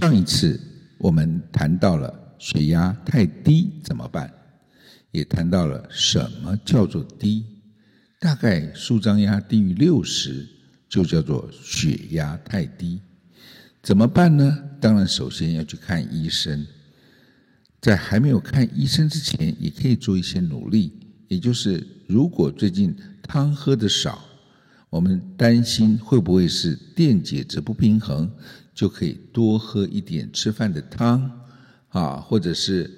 上一次我們談到了血壓太低怎麼辦，也談到了什麼叫做低，大概舒張壓低於六十就叫做血壓太低，怎麼辦呢？當然首先要去看醫生，在還沒有看醫生之前，也可以做一些努力，也就是如果最近湯喝得少。我們擔心會不會是電解質不平衡，就可以多喝一點吃飯的湯，啊，或者是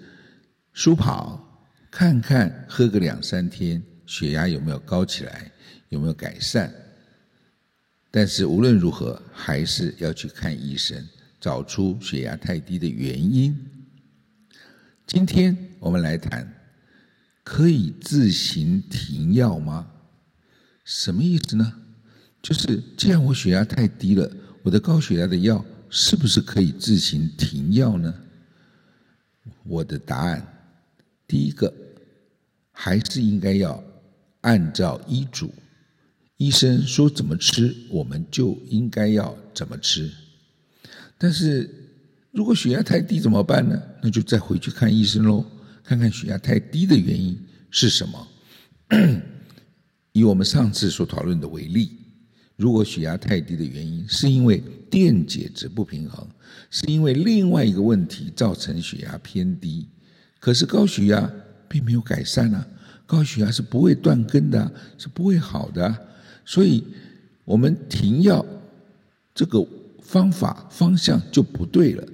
舒跑，看看喝個兩三天，血壓有沒有高起來，有沒有改善。但是無論如何，還是要去看醫生，找出血壓太低的原因。今天我們來談，可以自行停藥嗎？什麼意思呢？就是，既然我血壓太低了，我的高血壓的藥是不是可以自行停藥呢？我的答案，第一個還是應該要按照醫囑，醫生說怎麼吃，我們就應該要怎麼吃。但是如果血壓太低怎麼辦呢？那就再回去看醫生嘍，看看血壓太低的原因是什麼。 以我們上次所討論的為例。如果血壓太低的原因是因為電解質不平衡，是因為另外一個問題造成血壓偏低，可是高血壓並沒有改善啊，高血壓是不會斷根的啊，是不會好的啊，所以我們停藥這個方法方向就不對了，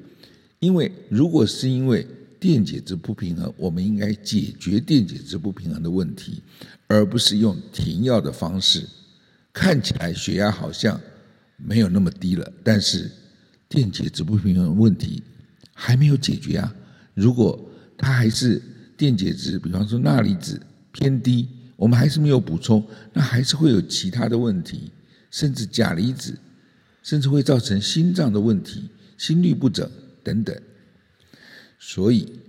因為如果是因為電解質不平衡，我們應該解決電解質不平衡的問題，而不是用停藥的方式。看起來血壓好像沒有那麼低了，但是電解質不平衡的問題還沒有解決啊！如果它還是電解質，比方說鈉離子偏低，我們還是沒有補充，那還是會有其他的問題，甚至鉀離子，甚至會造成心臟的問題、心律不整等等。所以，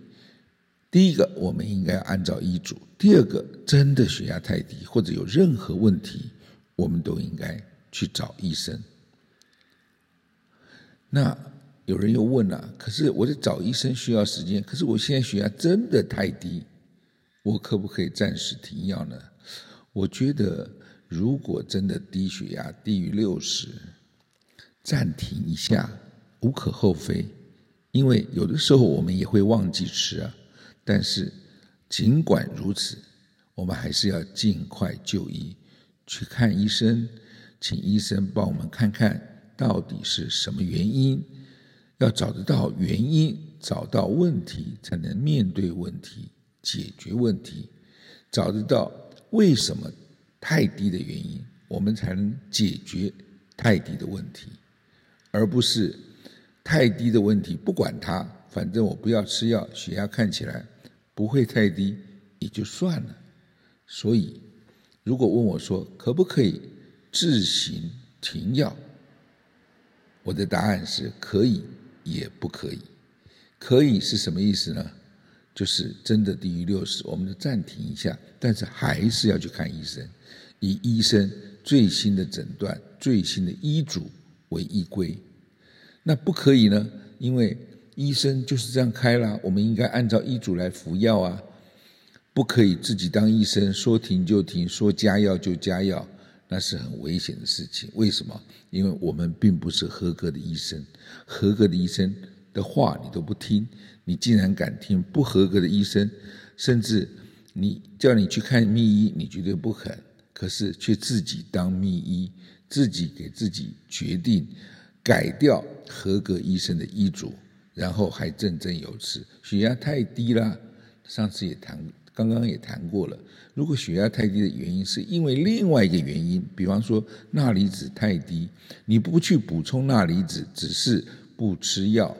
第一個我們應該要按照醫囑；第二個，真的血壓太低或者有任何問題。我們都應該去找醫生。那有人又問了，可是我在找醫生需要時間，可是我現在血壓真的太低，我可不可以暫時停藥呢？我覺得，如果真的低血壓低於六十，暫停一下無可厚非，因為有的時候我們也會忘記吃啊。但是儘管如此，我們還是要盡快就醫。去看醫生，請醫生幫我們看看到底是什麼原因。要找得到原因，找到問題，才能面對問題、解決問題。找得到為什麼太低的原因，我們才能解決太低的問題，而不是太低的問題，不管它，反正我不要吃藥，血壓看起來不會太低，也就算了。所以。如果問我說可不可以自行停藥，我的答案是可以也不可以。可以是什麼意思呢？就是真的低於六十，我們就暫停一下，但是還是要去看醫生，以醫生最新的診斷、最新的醫囑為依歸。那不可以呢？因為醫生就是這樣開了，我們應該按照醫囑來服藥啊。不可以自己當醫生，說停就停，說加藥就加藥，那是很危險的事情。為什麼？因為我們並不是合格的醫生，合格的醫生的話你都不聽，你竟然敢聽不合格的醫生，甚至你叫你去看密醫，你絕對不肯，可是卻自己當密醫，自己給自己決定改掉合格醫生的醫囑，然後還振振有詞，血壓太低了，上次也談。剛剛也談過了，如果血壓太低的原因是因為另外一個原因，比方說鈉離子太低，你不去補充鈉離子，只是不吃藥，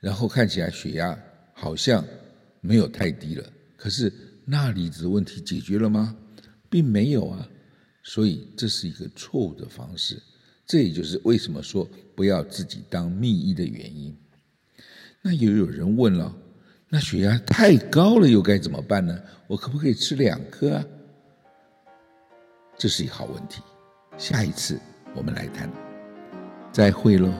然後看起來血壓好像沒有太低了，可是鈉離子問題解決了嗎？並沒有啊，所以這是一個錯誤的方式。這也就是為什麼說不要自己當密醫的原因。那也有人問了。那血壓太高了又該怎麼辦呢？我可不可以吃兩顆啊？這是一個好問題，下一次我們來談，再會嘍。